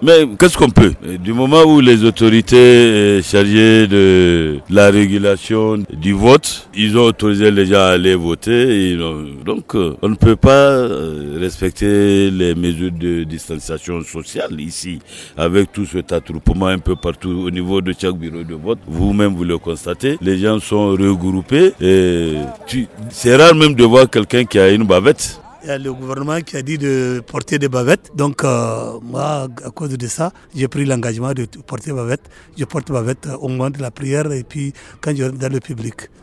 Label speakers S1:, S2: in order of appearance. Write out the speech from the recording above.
S1: Mais qu'est-ce qu'on peut Du moment où les autorités euh, chargées de la régulation du vote, ils ont autorisé les gens à aller voter, donc euh, on ne peut pas euh, respecter les mesures de distanciation sociale ici, avec tout cet attroupement un peu partout au niveau de chaque bureau de vote. Vous-même, vous le constatez, les gens sont regroupés et c'est rare même de voir quelqu'un qui a une bavette.
S2: Il y a le gouvernement qui a dit de porter des bavettes. Donc, euh, moi, à cause de
S3: ça, j'ai pris l'engagement de porter bavette. Je porte bavette au moment de la prière et puis quand je dans le public.